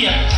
Yeah.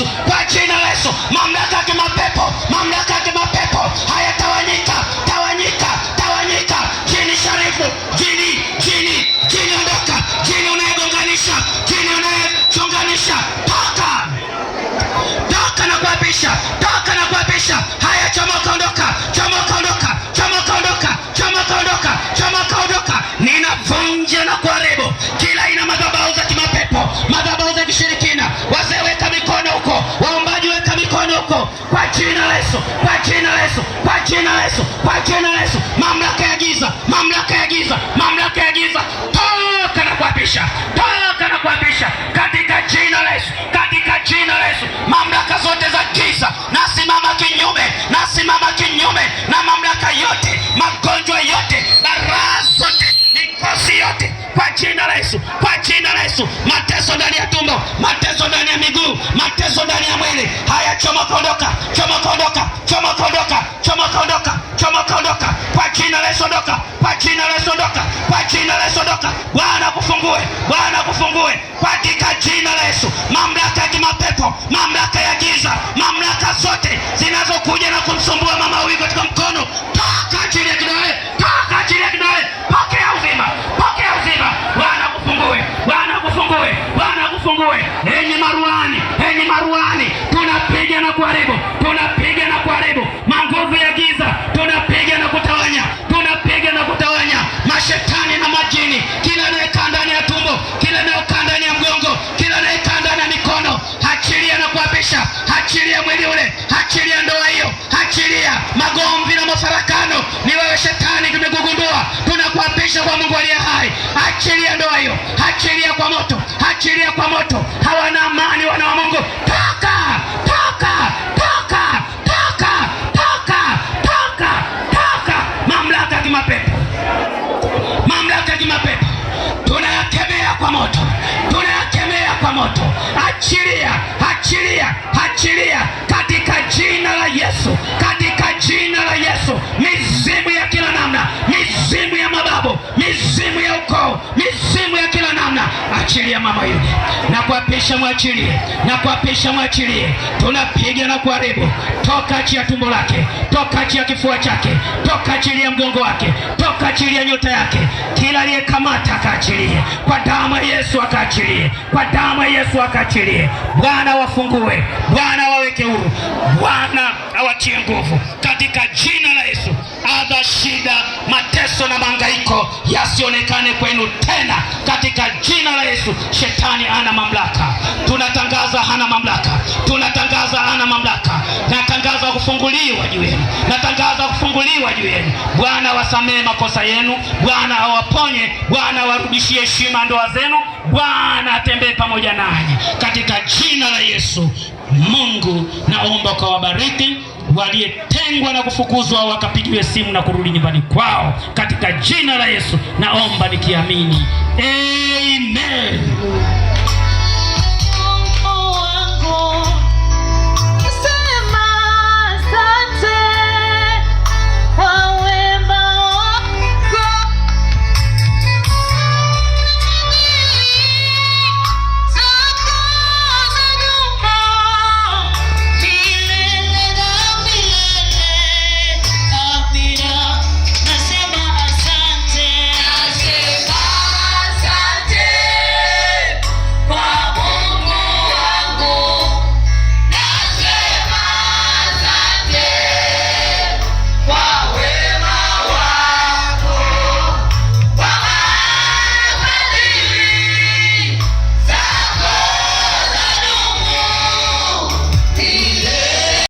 Yesu, kwa jina la Yesu, kaondoka, choma kaondoka, choma kaondoka, choma kaondoka, kwa jina la Yesu, ondoka kwa jina la Yesu, ondoka kwa jina la Yesu, ondoka. Bwana kufungue, Bwana kufungue katika jina la Yesu. Mamlaka ya kimapepo, mamlaka ya giza, mamlaka zote zinazokuja na kumsumbua mama huyu katika mkono, toka chini ya kidole, toka chini ya kidole, pokea uzima, pokea uzima. Bwana kufungue, Bwana kufungue, Bwana kufungue. Enyi maruani, enyi maruani, tunapiga na kuharibu achilia mwili ule, achilia ndoa hiyo, achilia magomvi na mafarakano. Ni wewe shetani, tumekugundua, tunakuapisha kwa Mungu aliye hai. Achilia ndoa hiyo, achilia kwa moto, achilia kwa moto. Hawana amani wana wa Mungu, toka mwachilie mama yule, na kuapisha mwachilie, na kuapisha mwachilie. Tunapiga na kuharibu, toka chia tumbo lake, toka chia kifua chake, toka chilia mgongo wake, toka chilia nyota yake. Kila aliyekamata akaachilie kwa damu ya Yesu, akaachilie kwa damu ya Yesu, akaachilie. Bwana wafungue, Bwana waweke huru, Bwana awatie nguvu katika jina la Yesu adha, shida, mateso na mangaiko yasionekane kwenu tena, katika jina la Yesu. Shetani ana mamlaka, tunatangaza hana mamlaka, tunatangaza hana mamlaka. Natangaza kufunguliwa juu yenu, natangaza kufunguliwa juu yenu. Bwana wasamehe makosa yenu, Bwana awaponye, Bwana warudishie heshima ndoa zenu, Bwana atembee pamoja nanyi katika jina la Yesu. Mungu naomba ukawabariki waliyetengwa na kufukuzwa wakapigiwe simu na kurudi nyumbani kwao, katika jina la Yesu naomba nikiamini, amen.